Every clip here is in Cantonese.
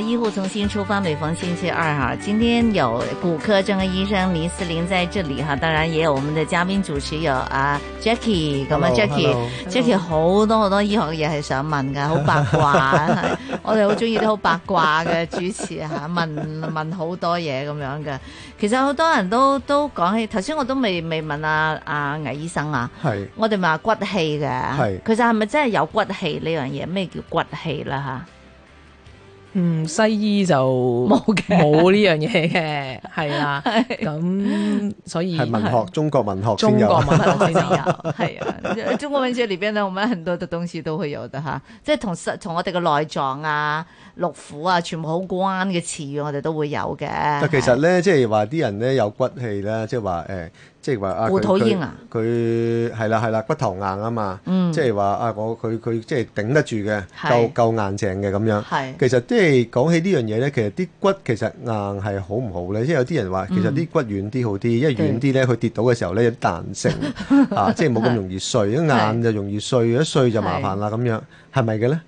醫護重新出發，每逢星期二哈，今天有骨科專科醫生倪司玲在這裏哈，當然也有我們的嘉賓主持有啊 Jacky 咁啊 Jacky，Jacky 好多好多醫學嘅嘢係想問噶，好八卦， 我哋好中意啲好八卦嘅主持啊，問問好多嘢咁樣嘅。其實好多人都都講起，頭先我都未未問阿阿魏醫生啊，係是，我哋問骨氣嘅，係是，其實係咪真係有骨氣呢樣嘢？咩叫骨氣啦？吓？嗯，西醫就冇嘅，冇呢樣嘢嘅，係 啦、啊。咁所以文學，是中國文學，先有中國文學先有，係 啊。中國文學裏邊咧，我們很多嘅東西都會有嘅嚇、啊，即係同同我哋嘅內臟啊、六腑啊，全部好關嘅詞語，我哋都會有嘅。其實咧，即係話啲人咧有骨氣咧，即係話誒。欸即係話啊，佢啊，佢係啦係啦，骨頭硬啊嘛，即係話啊我佢佢即係頂得住嘅，夠夠硬淨嘅咁樣。係其實即係講起呢樣嘢咧，其實啲骨其實硬係好唔好咧？即係有啲人話，其實啲骨軟啲好啲，因為軟啲咧，佢跌倒嘅時候咧有彈性啊，即係冇咁容易碎。一硬就容易碎，一碎就麻煩啦咁樣，係咪嘅咧？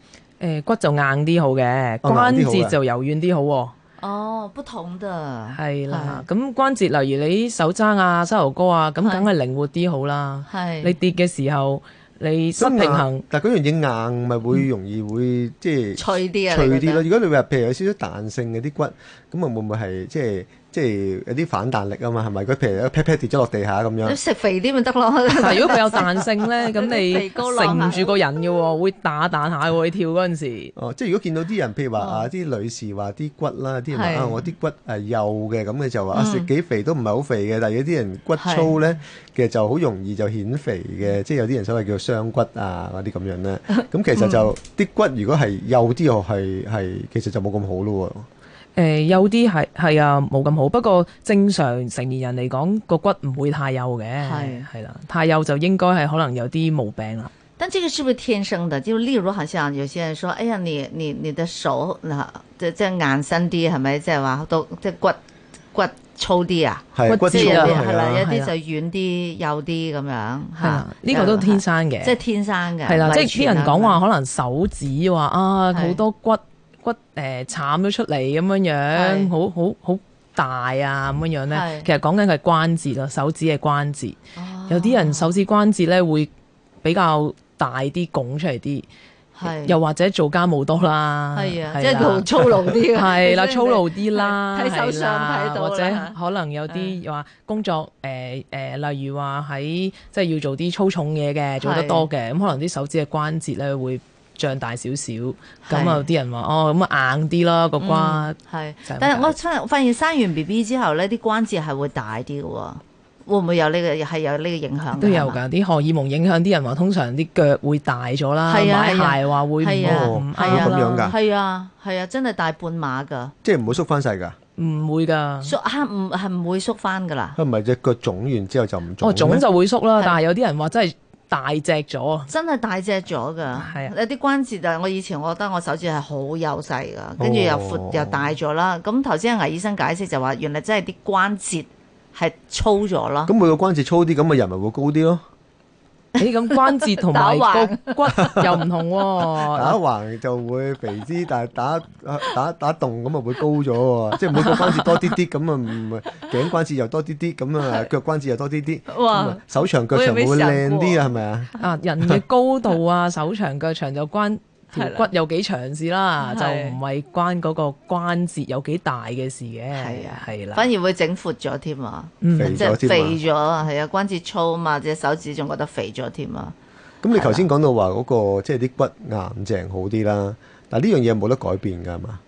誒，骨就硬啲好嘅，關節就柔軟啲好。哦，不同的係啦，咁關節，例如你手踭啊、膝頭哥啊，咁梗係靈活啲好啦。係你跌嘅時候，你失平衡。嗯嗯、但係嗰樣嘢硬，咪、嗯、會容易會即係脆啲啊？脆啲咯。如果你話譬如有少少彈性嘅啲骨，咁啊會唔會係即係？即係有啲反彈力啊嘛，係咪？佢譬如屁屁一劈劈跌咗落地下咁樣，食肥啲咪得咯？但如果佢有彈性咧，咁你承住個人嘅喎，會打彈下喎，你跳嗰陣時。哦，即係如果見到啲人，譬如話、哦、啊，啲女士話啲骨啦，啲人話是、啊、我啲骨係幼嘅咁你就話啊食幾肥都唔係好肥嘅。但係有啲人骨粗咧，是其實就好容易就顯肥嘅。即係有啲人所謂叫做雙骨啊嗰啲咁樣咧。咁其實就啲骨如果係幼啲又係係其實就冇咁好咯喎。嗯嗯。誒有啲係係啊，冇咁好。不過正常成年人嚟講，個骨唔會太幼嘅。係係啦，太幼就應該係可能有啲毛病啦。但呢個係唔係天生嘅？就例如，好像有些人說，哎呀，你你你嘅手，即即係硬身啲係咪？即係話都即係骨骨粗啲啊？骨粗啲係啦，有啲就軟啲、幼啲咁樣吓。呢個都天生嘅，即係天生嘅。係啦，即係啲人講話可能手指話啊，好多骨。骨誒慘咗出嚟咁樣樣，好好好大啊咁樣樣咧。其實講緊佢關節咯，手指嘅關節。有啲人手指關節咧會比較大啲，拱出嚟啲。係又或者做家務多啦，係啊，即係佢操勞啲。係啦，操勞啲啦，睇手上睇到或者可能有啲話工作誒誒，例如話喺即係要做啲粗重嘢嘅，做得多嘅，咁可能啲手指嘅關節咧會。脹大少少，咁啊啲人話哦，咁啊硬啲咯個關，係。但係我發現生完 B B 之後咧，啲關節係會大啲嘅喎，會唔會有呢個係有呢個影響？都有㗎，啲荷爾蒙影響啲人話，通常啲腳會大咗啦，買鞋話會磨，係會咁樣㗎。係啊，係啊，真係大半碼㗎。即係唔會縮翻細㗎？唔會㗎，縮唔係唔會縮翻㗎啦。係咪隻腳腫完之後就唔腫？哦，腫就會縮啦，但係有啲人話真係。大隻咗，真係大隻咗噶，有啲的關節啊！我以前我覺得我手指係好幼細噶，跟住又闊、哦、又大咗啦。咁頭先阿魏醫生解釋就話，原來真係啲關節係粗咗啦。咁每個關節粗啲，咁咪人咪會高啲咯。誒咁、欸、關節打橫 同埋骨骨又唔同喎，打橫就會肥啲，但係打打打打棟咁啊會高咗喎， 即係每個關節多啲啲咁啊，唔係頸關節又多啲啲，咁啊腳關節又多啲啲，哇、嗯、手長腳長會靚啲啊，係咪啊？啊人嘅高度啊， 手長腳長就關條骨有幾長事啦，係啊、就唔係關嗰個關節有幾大嘅事嘅。係啊，係啦、啊，反而會整闊咗添啊，嗯、即係肥咗，係啊嘛，關節粗嘛，隻手指仲覺得肥咗添、嗯、那個、啊。咁你頭先講到話嗰個即係啲骨硬淨好啲啦，嗱呢樣嘢冇得改變噶嘛？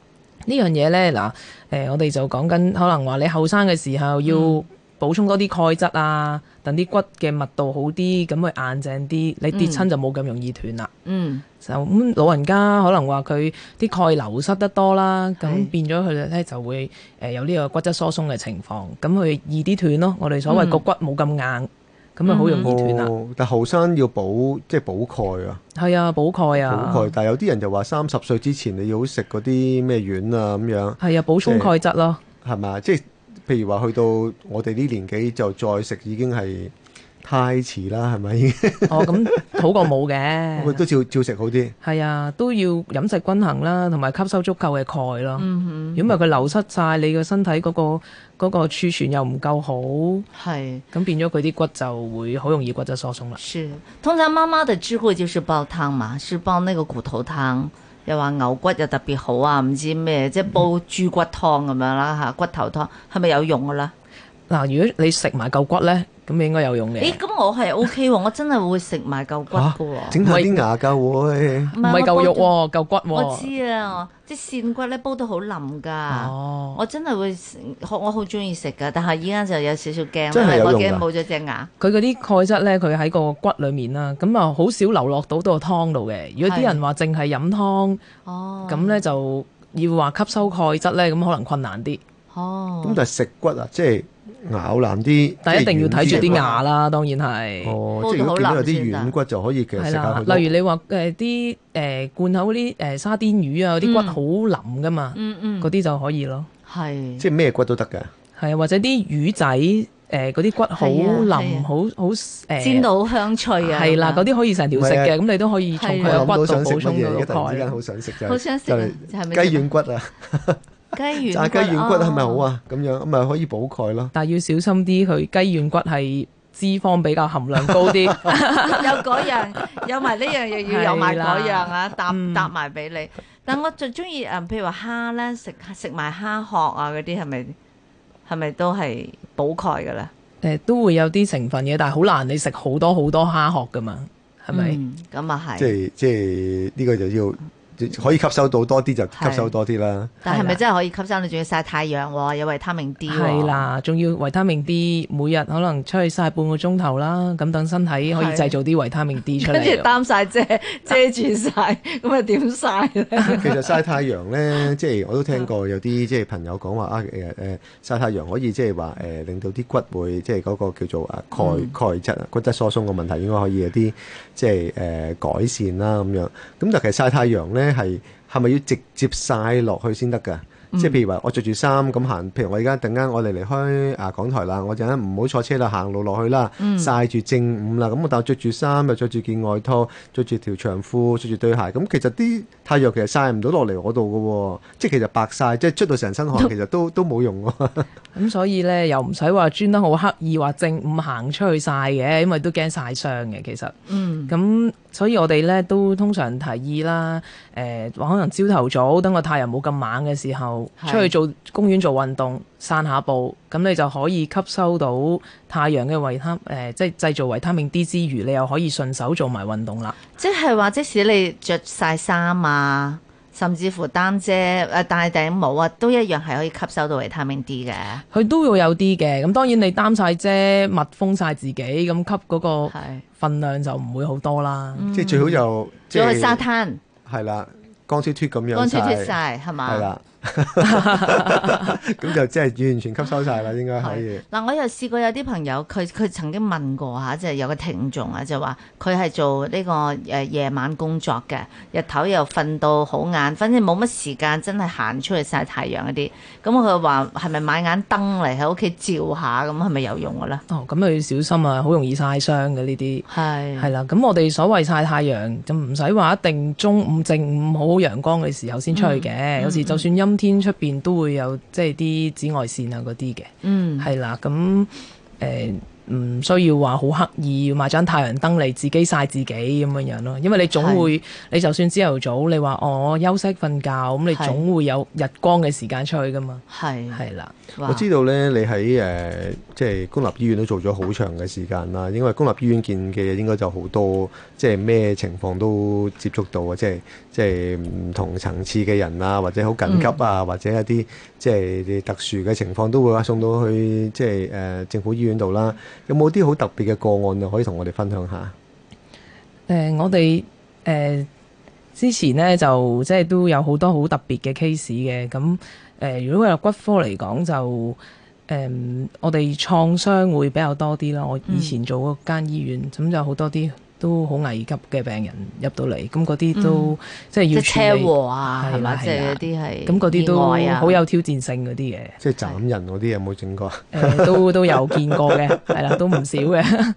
樣呢樣嘢咧嗱，誒、呃、我哋就講緊可能話你後生嘅時候要、嗯。補充多啲鈣質啊，等啲骨嘅密度好啲，咁佢硬淨啲，你跌親就冇咁容易斷啦、嗯。嗯，就咁老人家可能話佢啲鈣流失得多啦，咁變咗佢咧就會誒、呃、有呢個骨質疏鬆嘅情況，咁佢易啲斷咯。我哋所謂個骨冇咁硬，咁啊好容易斷啦、哦。但後生要補即係補鈣啊，係啊，補鈣啊。補鈣，但係有啲人就話三十歲之前你要食嗰啲咩丸啊咁樣。係啊，補充鈣質咯。係咪，即係、啊。譬如話去到我哋呢年紀就再食已經係太遲啦，係咪？ 哦，咁好過冇嘅，佢、 哦、都照照食好啲。係啊，都要飲食均衡啦，同埋吸收足夠嘅鈣咯。如果唔係佢流失晒，嗯、你個身體嗰、個嗰、個儲存又唔夠好，係咁是變咗佢啲骨就會好容易骨質疏鬆啦。是，通常媽媽的智慧就是煲湯嘛，是煲那個骨頭湯。又話牛骨又特別好啊，唔知咩，即係煲豬骨湯咁樣啦吓，骨頭湯係咪有用噶啦？嗱，如果你食埋嚿骨咧？咁應該有用嘅。誒，咁我係 O K 喎，我真係會食埋嚿骨嘅喎。整埋啲牙㗎會，唔係嚿肉喎，嚿骨喎。我知啊，啲扇骨咧煲得好腍㗎。哦，我真係會，我好中意食㗎，但係依家就有少少驚，因為我驚冇咗隻牙。佢嗰啲鈣質咧，佢喺個骨裡面啦，咁啊好少流落到個湯度嘅。如果啲人話淨係飲湯，哦，咁咧就要話吸收鈣質咧，咁可能困難啲。哦。咁但係食骨啊，即係。咬爛啲，但係一定要睇住啲牙啦，當然係。哦，即係如果見到有啲軟骨就可以其實食下佢。例如你話誒啲誒罐頭嗰啲誒沙甸魚啊，嗰啲骨好腍噶嘛，嗰啲就可以咯。係。即係咩骨都得㗎。係啊，或者啲魚仔誒嗰啲骨好腍，好好誒煎到好香脆啊。係啦，嗰啲可以成條食嘅，咁你都可以從佢嘅骨度補充嘅台。我都想食嘢，突然之間好想食就係雞軟骨啊。但雞軟骨係咪好啊？咁、哦、樣咁咪可以補鈣咯。但係要小心啲，佢雞軟骨係脂肪比較含量高啲。 有嗰樣，有埋呢樣， 樣，又要有埋嗰樣啊，搭搭埋俾你。嗯、但我最中意誒，譬如話蝦咧，食食埋蝦殼啊嗰啲，係咪係咪都係補鈣㗎啦？誒、嗯，都會有啲成分嘅，但係好難你食好多好多蝦殼㗎嘛？係咪？咁啊係。即係即係呢個就要。可以吸收到多啲就吸收多啲啦。但係咪真係可以吸收？你仲要曬太陽、哦、有維他命 D、哦。係啦，仲要維他命 D，每日可能出去曬半個鐘頭啦。咁等身體可以製造啲維他命 D 出嚟。跟住擔晒遮遮住晒。咁啊點曬咧？其實曬太陽咧， 即係我都聽過有啲即係朋友講話啊誒誒、呃呃、曬太陽可以即係話誒令到啲骨會即係嗰、嗰個叫做啊鈣鈣質骨質疏鬆嘅問題應該可以有啲即係誒、呃、改善啦咁樣。咁就其實曬太陽咧。係係咪要直接曬落去先得噶？即係譬如話，我着住衫咁行。譬如我而家突然間我哋離，離開啊港台啦，我陣間唔好坐車啦，行路落去啦，晒住正午啦。咁我但係著住衫，又著住件外套，着住條長褲，着住對鞋。咁其實啲太陽其實晒唔到落嚟我度嘅，即係其實白晒，即係出到成身汗，其實都都冇用、嗯 嗯。咁所以咧，又唔使話專登好刻意話正午行出去晒嘅，因為都驚晒傷嘅。其實，咁、嗯嗯、所以我哋咧都通常提議啦，誒、呃，可能朝頭早，上早上，等個太陽冇咁猛嘅時候。是出去做公園做運動，散下步，咁你就可以吸收到太陽嘅維他，誒、呃，即係製造維他命 D 之餘，你又可以順手做埋運動啦。即係話，即使你着晒衫啊，甚至乎擔遮、誒戴頂帽啊，都一樣係可以吸收到維他命 D 嘅。佢都會有啲嘅，咁當然你擔晒遮、密封晒自己，咁吸嗰個分量就唔會多是、嗯、好多啦。即係、嗯、最好又，再去沙灘係啦，光脫脫咁樣，光脫脫晒係嘛？咁 就即係完全吸收晒啦，應該可以。嗱、嗯，我又試過有啲朋友，佢佢曾經問過吓，即係有個聽眾啊，就話佢係做呢、這個誒、呃、夜晚工作嘅，日頭又瞓到好晏，反正冇乜時間，真係行出去曬太陽嗰啲。咁佢話係咪買眼燈嚟，喺屋企照下？咁係咪有用嘅咧？哦，咁你要小心啊，好容易曬傷嘅呢啲。係係啦，咁的我哋所謂曬太陽就唔使話一定中午正午好陽光嘅時候先出去嘅，有時就算陰。嗯嗯冬天出邊都會有，即係啲紫外線啊，嗰啲嘅，嗯，係啦，咁誒。呃唔需、嗯、要話好刻意要買盞太陽燈嚟自己曬自己咁樣樣咯，因為你總會是你就算朝頭早你話我，哦、休息瞓覺，咁是你總會有日光嘅時間出去噶嘛。係係啦，的哇我知道呢，你喺誒即係公立醫院都做咗好長嘅時間啦，因為公立醫院見嘅嘢應該就好多，即係咩情況都接觸到啊，即係即係唔同層次嘅人啊，或者好緊急啊，嗯、或者一啲。即係特殊嘅情況都會話送到去即係誒、呃、政府醫院度啦。有冇啲好特別嘅個案就可以同我哋分享下？誒、呃，我哋誒、呃、之前呢，就即係都有好多好特別嘅 case 嘅。咁誒、呃，如果係骨科嚟講，就誒、呃、我哋創傷會比較多啲啦。我以前做嗰間醫院，咁、嗯、就好多啲。都好危急嘅病人入到嚟，咁嗰啲都、嗯、即係要車禍啊，係嘛吧？即係嗰啲係意外啊，咁嗰啲都好有挑戰性嗰啲嘢。即係斬人嗰啲有冇整過？誒是，都、呃、都有見過嘅，係啦， 都唔少嘅，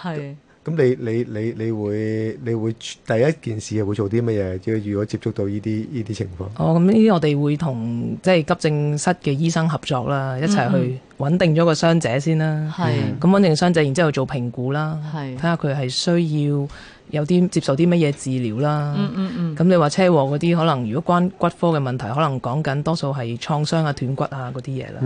係。 咁你你你你會你會第一件事係會做啲乜嘢？即係如果接觸到呢啲呢啲情況，哦，咁呢啲我哋會同即係急症室嘅醫生合作啦，一齊去穩定咗個傷者先啦。係咁、嗯嗯嗯、穩定傷者，然之後做評估啦，睇下佢係需要，有啲接受啲乜嘢治療啦，咁、嗯嗯、你話車禍嗰啲可能如果關骨科嘅問題，可能講緊多數係創傷啊、斷骨啊嗰啲嘢啦，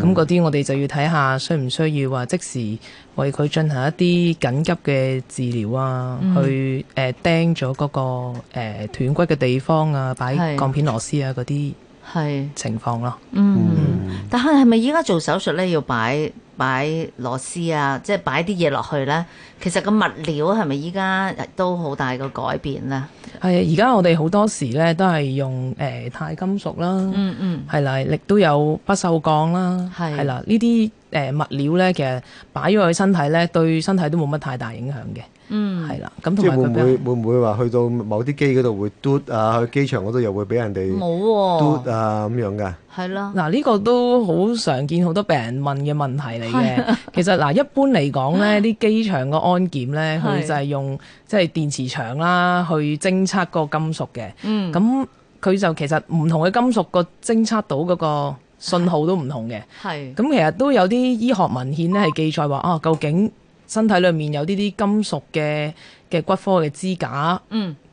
咁嗰啲我哋就要睇下需唔需要話即時為佢進行一啲緊急嘅治療啊，嗯、去誒、呃、釘咗嗰、嗰個誒、呃、斷骨嘅地方啊，擺鋼片螺絲啊嗰啲是情況咯。嗯，嗯但係係咪依家做手術呢要擺？擺螺絲啊，即係擺啲嘢落去呢。其實個物料係咪依家都好大個改變呢？係啊，而家我哋好多時呢都係用誒鈦金屬啦，嗯嗯，係啦，亦都有不銹鋼啦，係係啦。呢啲誒物料呢，其實擺咗佢身體呢，對身體都冇乜太大影響嘅。嗯，係啦，咁即係會唔會會唔會話去到某啲機嗰度會嘟？啊？去機場嗰度又會俾人哋冇嘟啊咁、啊、樣噶？係啦、嗯，嗱呢、啊這個都好常見，好多病人問嘅問題嚟嘅。啊、其實嗱，一般嚟講呢啲機場個安檢呢，佢 就係用即係、就是、電磁場啦，去偵測個金屬嘅。嗯，咁佢就其實唔同嘅金屬個偵測到嗰個信號都唔同嘅。係、啊，咁、啊、其實都有啲醫學文獻呢係記載話啊，啊，啊，究竟。身體裏面有呢啲金屬嘅嘅骨科嘅支架，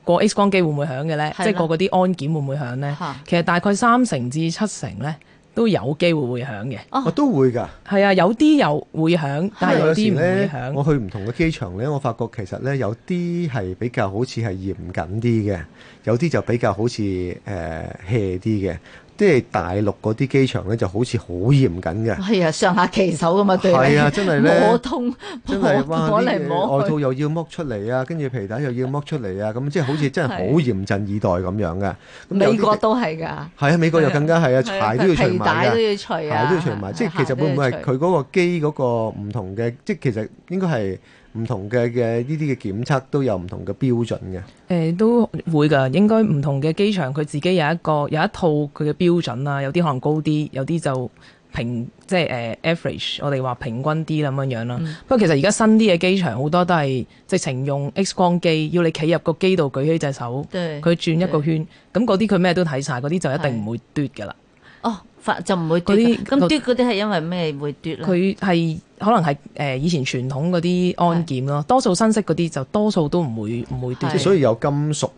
過、嗯、X 光機會唔會響嘅呢？的即係過嗰啲安檢會唔會響呢？啊、其實大概三成至七成呢，都有機會會響嘅。哦，都會㗎。係啊，有啲又會響，但係有啲唔的會響。我去唔同嘅機場呢，我發覺其實呢，有啲係比較好似係嚴謹啲嘅，有啲就比較好似誒 hea 啲嘅。呃即係大陸嗰啲機場咧就好似好嚴緊嘅，係啊，上下其手咁啊對你，摸通摸通嚟摸，外套又要剝出嚟啊，跟住皮帶又要剝出嚟啊，咁即係好似真係好嚴陣以待咁樣嘅。美國都係㗎，係啊，美國又更加係啊，鞋都要除埋啊，皮帶都要除啊，鞋都要除埋。即係其實會唔會係佢嗰個機嗰個唔同嘅？即係其實應該係。唔同嘅嘅呢啲嘅檢測都有唔同嘅標準嘅。誒、欸、都會㗎，應該唔同嘅機場佢自己有一個有一套佢嘅標準啦，有啲可能高啲，有啲就平，即係誒、呃、average，我哋話平均啲咁樣這樣啦。嗯、不過其實而家新啲嘅機場好多都係直情用 X 光機，要你企入個機度舉起隻手，佢對轉一個圈，咁嗰啲佢咩都睇晒，嗰啲就一定唔會嘟㗎啦。對哦。就唔會嘟，咁嘟嗰啲係因為咩會嘟咧？佢係可能係誒、呃、以前傳統嗰啲安檢咯是，多數新式嗰啲就多數都唔會唔會嘟。是所以有金屬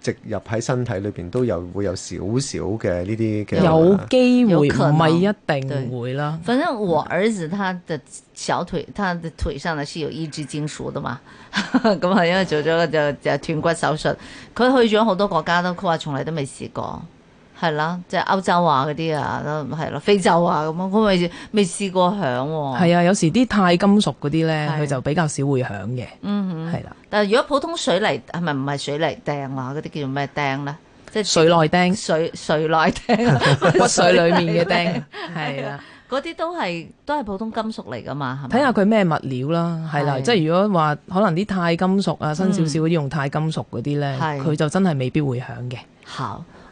植入喺身體裏邊，都有會有少少嘅呢啲嘅。有機會唔係、啊、一定會啦。反正我兒子他的小腿他的腿上咧是有一支金屬的嘛，咁 係因為做咗個就就斷骨手術。佢去咗好多國家都，佢話從來都未試過。係啦，即係歐洲啊嗰啲啊，都係咯，非洲啊咁咯，我未未試過響喎。係啊，有時啲鈦金屬嗰啲咧，佢就比較少會響嘅。嗯，係啦。但係如果普通水泥係咪唔係水泥釘啊？嗰啲叫做咩釘咧？即係髓內釘。髓髓內釘骨髓裡面嘅釘，係啊，嗰啲都係都係普通金屬嚟噶嘛。睇下佢咩物料啦，係啦，即係如果話可能啲鈦金屬啊，新少少啲用鈦金屬嗰啲咧，佢就真係未必會響嘅。好。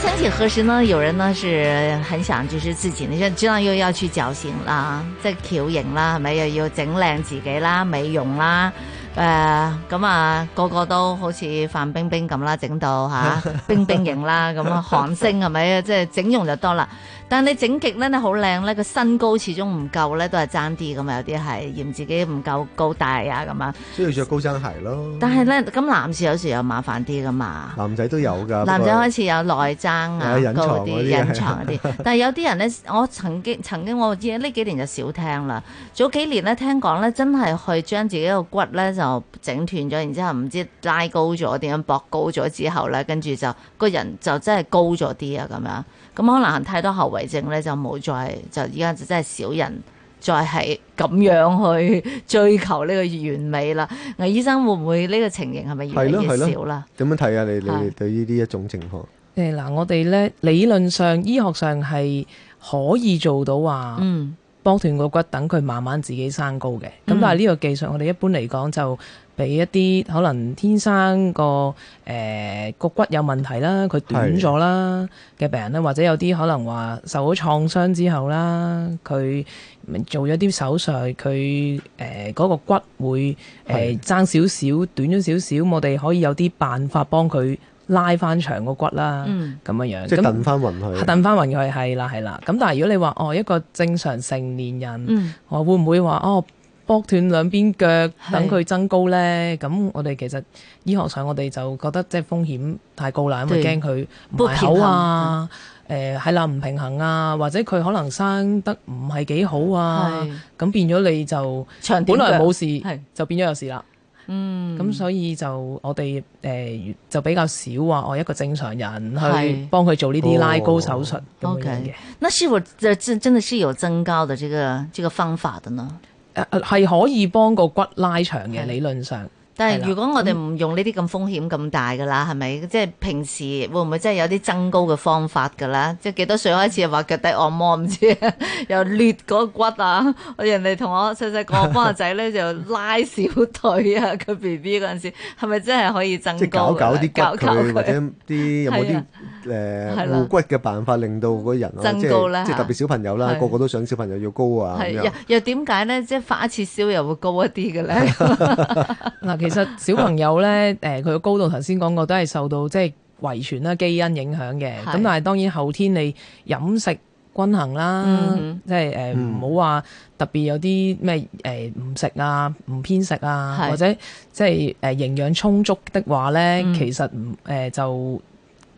曾幾何時呢，有人呢是很想，就是自己呢，你知道又要去矯形啦，即係求型啦，係咪啊？又要整靚自己啦，美容啦，誒、呃、咁啊，個個都好似范冰冰咁啦，整到吓、啊、冰冰型啦，咁啊，韓星係咪啊？即係 整容就多啦。但你整極咧，你好靚咧，個身高始終唔夠咧，都係爭啲咁啊！有啲係嫌自己唔夠高，高大啊咁啊，需要著高踭鞋咯。但係咧，咁男士有時又麻煩啲噶嘛？男仔都有㗎。男仔開始有內爭啊，嗰啲隱藏啲。但係有啲人咧，我曾經曾經我呢幾年就少聽啦。早幾年咧，聽講咧，真係去將自己個骨咧就整斷咗，然之後唔知拉高咗點樣駁高咗之後咧，跟住就個人就真係高咗啲啊咁樣。咁可能行太，太多後。為證咧，就冇再就依家真係少人再係咁樣去追求呢個完美啦。倪醫生會唔會呢、這個情形係咪越嚟越少啦？點樣睇啊？你你對於呢一種情況？誒，嗱、呃，我哋咧理論上醫學上係可以做到話，嗯，剝斷個骨等佢慢慢自己生高嘅。咁、嗯、但係呢個技術我哋一般嚟講就。俾一啲可能天生個誒個骨有問題啦，佢短咗啦嘅病人咧，的或者有啲可能話受咗創傷之後啦，佢做咗啲手術，佢誒嗰個骨會誒爭少少短咗少少，的我哋可以有啲辦法幫佢拉翻長個骨啦，咁、嗯、樣樣即係扽翻匀佢，扽翻匀佢係啦係啦。咁但係如果你話我、哦、一個正常成年人，我、嗯、會唔會話哦？剝斷兩邊腳等佢增高呢？咁是我哋其實醫學上我哋就覺得即係風險太高啦，對因為驚佢埋口啊，誒係、嗯呃、啦唔平衡啊，或者佢可能生得唔係幾好啊，咁是變咗你就本來冇事，就變咗有事啦。嗯，咁所以就我哋誒、呃、就比較少話我一個正常人去幫佢做呢啲拉高手術咁嘅嘢嘅。是嗯、那是否真真的是有增高的這個這個方法的呢？誒係可以幫個骨拉長嘅，理論上，但係如果我哋唔用呢啲咁風險咁大噶啦，係咪、嗯？即係平時會唔會真係有啲增高嘅方法噶啦？即係幾多歲開始話腳底按摩唔知又裂嗰骨啊？人哋同我細細個幫個仔咧，就拉小腿啊，佢 B B 嗰陣時係咪真係可以增高？即係搞，搞一啲骨腿或者啲有冇啲？ 誒護骨嘅辦法，令到嗰人增高啦即係特別小朋友啦，個個都想小朋友要高啊！又又點解咧，即係發一次燒又會高一啲嘅咧？嗱，其實小朋友咧，誒佢嘅高度，頭先講過都係受到即係遺傳啦、基因影響嘅。咁但係當然後天你飲食均衡啦，即係誒唔好話特別有啲咩誒唔食啊、唔偏食啊，或者即係誒營養充足的話咧，其實誒就。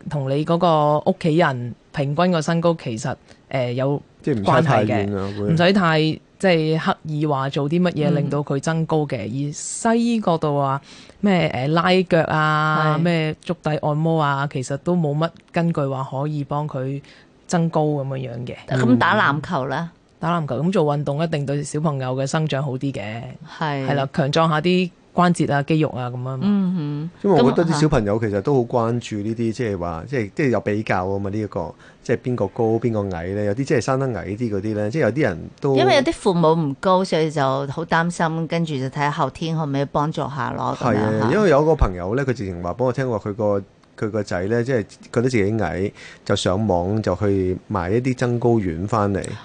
同你嗰個屋企人平均個身高其實誒、呃、有關係嘅，唔使太，太即係刻意話做啲乜嘢令到佢增高嘅。嗯、而西醫角度話咩誒拉腳啊，咩足是底按摩啊，其實都冇乜根據話可以幫佢增高咁樣樣嘅。咁、嗯、打籃球啦，打籃球咁做運動一定對小朋友嘅生長好啲嘅，係係啦，強壯下啲。關節啊，肌肉啊，咁啊嗯嗯。嗯，因為我覺得啲小朋友其實都好關注呢啲，即係話，即係即係有比較啊嘛。這個，呢一個即係邊個高邊個矮咧，有啲即係生得矮啲嗰啲咧，即係有啲人都。因為有啲父母唔高，所以就好擔心，跟住就睇下後天可唔可以幫助下咯。係、嗯、啊、因為有個朋友咧，佢之前話幫我聽話佢個佢個仔咧，即係覺得自己矮，就上網就去買一啲增高丸翻嚟。嗯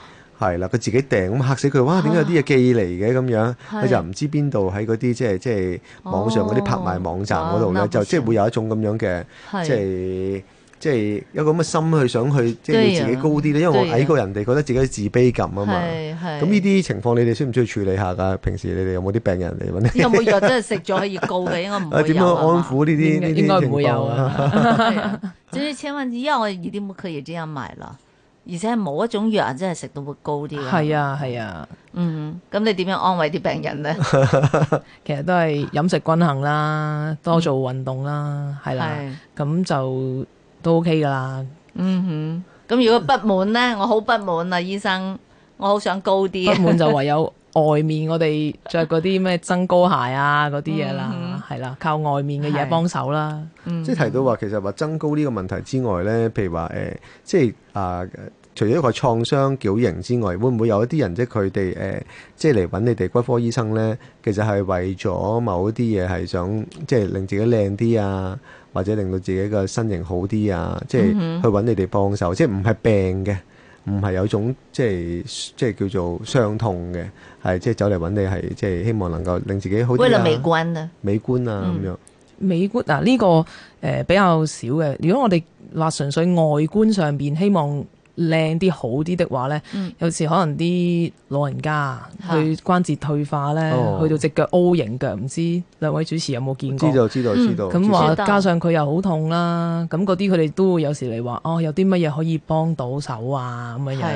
係啦，佢自己訂咁嚇死佢！哇，點解有啲嘢寄嚟嘅咁樣？佢是就唔知邊度喺嗰啲即係即係網上嗰啲拍賣網站嗰度咧，哦啊、就即係會有一種咁樣嘅是即係即係有個咁嘅心去想去即係要自己高啲咧，因為我矮過人哋，覺得自己自卑感啊嘛。咁呢啲情況，你哋需唔需要處理下噶？平時你哋有冇啲病人嚟揾、啊、 你，你？有冇藥真係食咗可以高嘅？應該唔會有。點樣 安撫呢啲？應該唔會有。啊。是，千萬藥一定冇可以這樣買了。而且冇一種藥真係食到會高啲嘅。係啊係啊。啊嗯，咁你點樣安慰啲病人呢？ 其實都係飲食均衡啦，多做運動啦，係、嗯、啦，咁就都 OK 噶啦。嗯哼，咁如果不滿呢？我好不滿啊，醫生，我好想高啲。不滿就唯有。外面我哋着嗰啲咩增高鞋啊嗰啲嘢啦，係啦、嗯嗯，靠外面嘅嘢幫手啦。嗯、即係提到話，其實話增高呢個問題之外咧，譬如話誒、呃、即係啊、呃，除咗一個創傷矯形之外，會唔會有一啲人即係佢哋誒即係嚟揾你哋骨科醫生咧，其實係為咗某一啲嘢係想即係令自己靚啲啊，或者令到自己嘅身形好啲啊、嗯嗯，即係去揾你哋幫手，即係唔係病嘅。唔係有種即係即係叫做傷痛嘅，係即係走嚟揾你係即係，希望能夠令自己好。為了美，美觀啊，美觀啊咁樣。美觀啊，呢、這個誒、呃、比較少嘅。如果我哋話純粹外觀上面希望。靚啲好啲的話呢，嗯、有時可能啲老人家佢、嗯、關節退化呢、哦、去到隻腳 O 型腳，唔知兩位主持有冇見過？知道知道知道。咁話加上佢又好痛啦，咁嗰啲佢哋都會有時嚟話，哦，有啲乜嘢可以幫到手啊咁嘅是樣。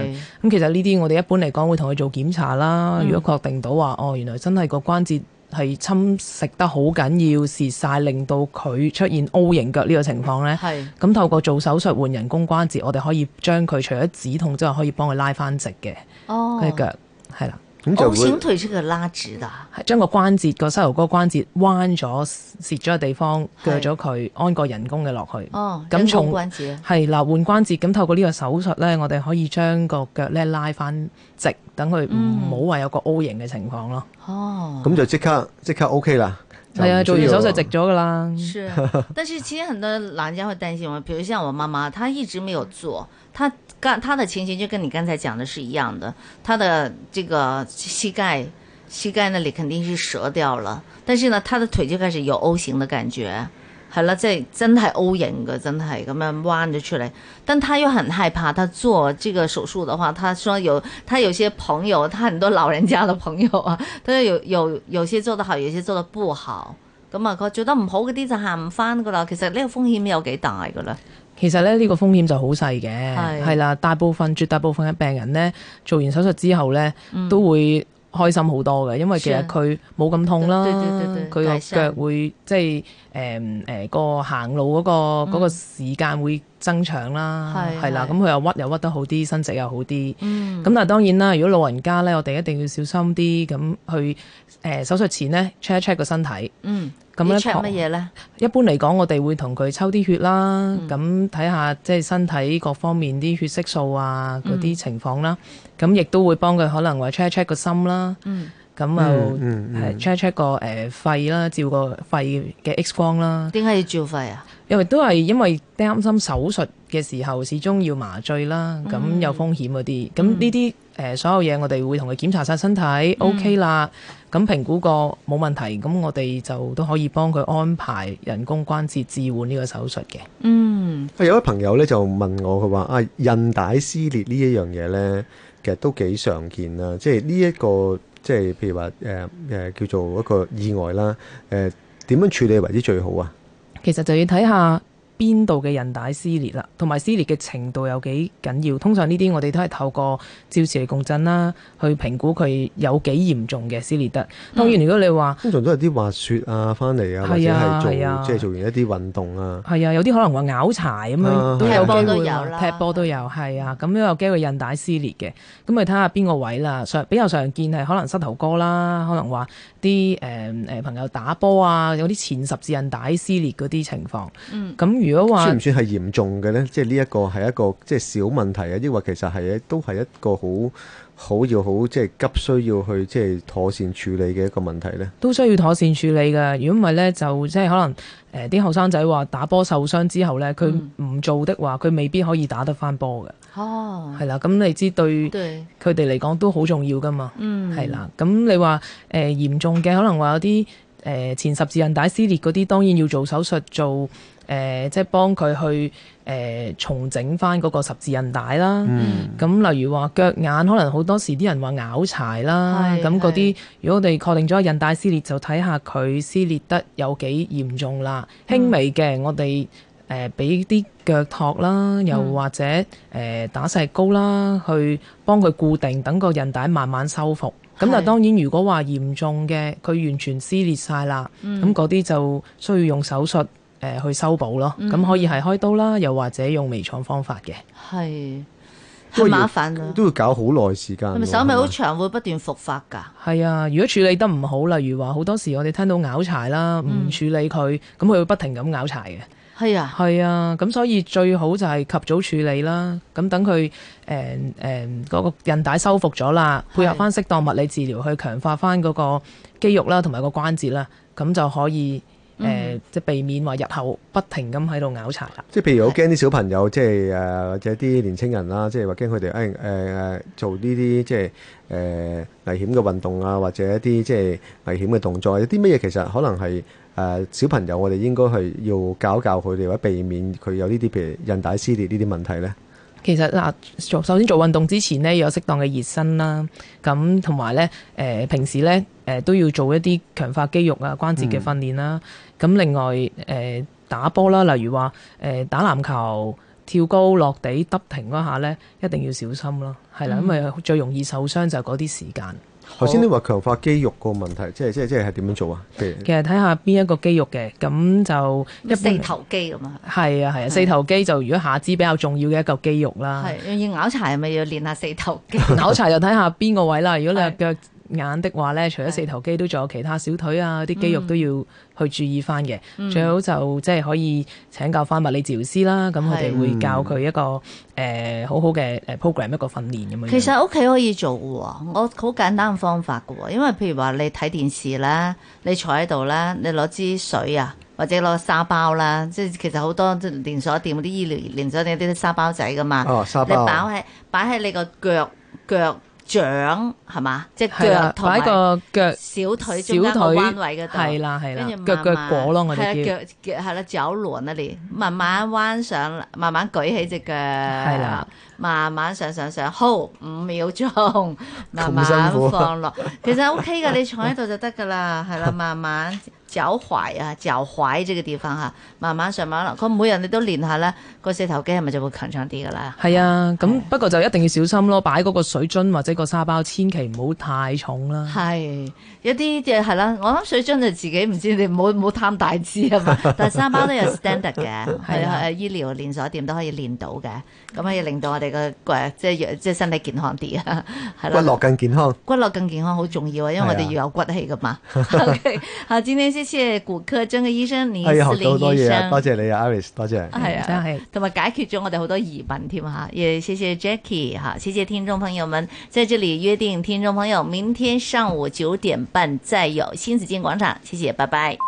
咁其實呢啲我哋一般嚟講會同佢做檢查啦。嗯、如果確定到話，哦，原來真係個關節，係侵蝕得好緊要，蝕晒，令到佢出現 O 型腳呢個情況呢，咁是透過做手術換人工關節，我哋可以將佢除咗止痛之外，可以幫佢拉翻直嘅佢隻腳，係啦。O 型腿是可拉直的，係將個關節個膝頭哥關節彎咗，折咗嘅地方鋸咗佢，安個人工嘅落去。哦，咁從關節係啦換關節，咁透過呢個手術呢，我哋可以將個腳呢拉翻直，等佢唔好話有個 O 型嘅情況咯。哦，咁就即刻即刻 OK 啦。係啊，嗯，做完手術直咗噶啦。 是，但是其實很多老人家會擔心，話譬如像我媽媽，她一直沒有做，她。剛他的情形就跟你剛才講的是一樣的，他的這個膝蓋膝蓋那裏肯定是折掉了，但是呢，他的腿就開始有 O 型的感覺，好了，這真真係 O 型噶，真係咁樣彎咗出來。但他又很害怕，他做這個手術的話，他說有他有些朋友，他很多老人家的朋友啊，他說有有有些做得好，有些做得不好，咁啊，覺得唔好嗰啲就喊翻噶啦。其實呢個風險有幾大噶啦？其實咧，呢個風險就好細嘅，係啦。大部分，絕大部分嘅病人呢，做完手術之後呢，都會開心好多嘅，因為其實佢冇咁痛啦，佢個腳會即係誒，誒個行路嗰個嗰個時間會增長啦，係啦。咁佢又屈又屈得好啲，伸直又好啲。咁但係當然啦，如果老人家呢，我哋一定要小心啲，咁去誒手術前呢 check 一 check 個身體。咁 check 乜嘢咧？呢一般嚟講，我哋會同佢抽啲血啦，咁睇下即係身體各方面啲血色素啊嗰啲情況啦。咁亦都會幫佢可能話 check check 個心啦。咁又 check check 個誒肺啦，照個肺嘅 X 光啦。點解要照肺啊？因為都係因為擔心手術。嘅時候，始終要麻醉啦，咁有風險嗰啲，咁呢啲誒所有嘢，我哋會同佢檢查晒身體、嗯、OK 啦，咁評估過冇問題，咁我哋就都可以幫佢安排人工關節置換呢個手術嘅。嗯，啊、有一位朋友咧就問我佢話啊，韌帶撕裂呢一樣嘢呢，其實都幾常見啊，即係呢一個即係譬如話誒誒叫做一個意外啦，誒、呃、點樣處理為之最好啊？其實就要睇下。邊度嘅韌帶撕裂啦，同埋撕裂嘅程度有幾緊要？通常呢啲我哋都係透過照磁力共振啦，去評估佢有幾嚴重嘅撕裂得。當然，如果你話通常都係啲滑雪啊翻嚟啊，或者係做即係做完一啲運動啊，係啊，有啲可能話拗柴咁樣，都、啊啊啊、有機會有、嗯、踢波都有，係啊，咁都有驚佢韌帶撕裂嘅。咁你睇下邊個位啦，常比較常見係可能膝頭哥啦，可能話啲誒誒朋友打波啊，有啲前十字韌帶撕裂嗰啲情況。咁、嗯嗯如果話算唔算係嚴重嘅呢？即係呢一個係一個即係小問題啊，抑或其實係都係一個好好要好即係急需要去即係妥善處理嘅一個問題呢，都需要妥善處理㗎。如果唔係呢，就即係可能誒啲後生仔話打波受傷之後呢，佢唔做嘅話，佢未必可以打得返波嘅。哦，係啦，咁你知對佢哋嚟講都好重要㗎嘛，嗯、係啦。咁你話誒、呃、嚴重嘅，可能話有啲誒、呃、前十字韌帶撕裂嗰啲，當然要做手術做。做誒，即係幫佢去誒重整翻嗰個十字韌帶啦。咁例如話腳眼可能好多時啲人話拗柴啦，咁嗰啲如果我哋確定咗韌帶撕裂，就睇下佢撕裂得有幾嚴重啦。輕微嘅我哋誒俾啲腳托啦，又或者誒打石膏啦，去幫佢固定，等個韌帶慢慢修復。咁但係當然如果話嚴重嘅，佢完全撕裂晒啦，咁嗰啲就需要用手術。誒、呃，去修補咯，咁、嗯、哼可以係開刀啦，又或者用微創方法嘅，係是，要麻煩啊，都會搞好耐時間，係咪手尾好長，吧會不斷復發㗎？係啊，如果處理得唔好，例如話好多時我哋聽到拗柴啦，唔處理佢，咁佢、嗯、會不停咁拗柴嘅。係啊，係啊，咁所以最好就係及早處理啦。咁等佢誒誒嗰個韌帶修復咗啦，配合翻適當物理治療，去強化翻嗰個肌肉啦，同埋個關節啦，咁就可以。誒、嗯呃，即係避免話日後不停咁喺度拗柴。即係譬如好驚啲小朋友，即係誒或者啲年青人啦，即係話驚佢哋誒誒做呢啲即係誒危險嘅運動啊，或者一啲即係、哎呃呃、危險嘅動,動作。有啲乜嘢其實可能係誒、呃、小朋友，我哋應該係要教教佢哋，或者避免佢有呢啲譬如韌帶撕裂呢啲問題咧。其實嗱，做、呃、首先做運動之前呢，要有適當嘅熱身啦，咁同埋咧誒平時咧誒、呃、都要做一啲強化肌肉啊關節嘅訓練啦。嗯咁另外誒、呃、打波啦，例如話誒、呃、打籃球跳高落地揼停嗰下咧，一定要小心咯，係啦，嗯、因為最容易受傷就嗰啲時間。頭先你話強化肌肉個問題，即係、即係即係即係點樣做啊？其實睇下邊一個肌肉嘅，咁就一四頭肌啊嘛。係啊係啊，的的四頭肌就如果下肢比較重要嘅一個肌肉啦。係，要拗柴係咪要練下四頭肌？拗 柴就睇下邊個位啦，如果你係腳 眼嘅話咧，除咗四頭肌，都仲有其他小腿啊，啲肌肉都要去注意翻嘅。嗯、最好就即係可以請教翻物理治療師啦，咁佢哋會教佢一個誒、呃、好好嘅誒 program 一個訓練咁樣。其實屋企可以做嘅，我好簡單嘅方法㗎，因為譬如話你睇電視啦，你坐喺度啦，你攞支水啊，或者攞沙包啦，即係其實好多連鎖店嗰啲醫療連鎖店嗰啲沙包仔噶嘛，哦、你擺喺擺喺你個腳腳，腳掌係嘛，隻腳同埋、啊、小腿，小腿中間好彎位度，係啦，係啦，跟住、啊、腳腳果咯，我哋、啊。係，腳腳係啦，仲有攣啊你，慢慢彎上，慢慢舉起隻腳，係啦、啊，慢慢上上上，好，五秒鐘，慢慢放落。啊、其實 O K 㗎，你坐喺度就得㗎喇，係啦、 啊，慢慢。腳踝啊，腳踝呢個地方嚇、啊，慢慢上，慢慢落。佢每日你都練下咧，個四頭肌係咪就會強壯啲㗎啦？係啊，咁、嗯啊、不過就一定要小心咯。擺嗰個水樽或者個沙包，千祈唔好太重啦。係、啊，有啲即係係啦。我諗水樽就自己唔知你冇冇貪大支啊嘛。但係沙包都有 standard 嘅，係 啊，啊醫療連鎖店都可以練到嘅。咁可以令到我哋個骨即係即係身體健康啲 啊，係咯，骨骼更健康。骨骼更健康好重要啊，因為我哋 要有骨氣㗎嘛。 o、okay, 謝謝骨科專科醫生，倪司玲醫生，哎多，啊、多謝你啊 Alice 多謝，係啊係，同埋、啊嗯、解決咗我哋好多疑問添吓。也謝謝 Jacky，哈，謝謝聽眾朋友們，在這裏約定，聽眾朋友明天上午九點半再有新紫荊廣場。謝謝，拜拜。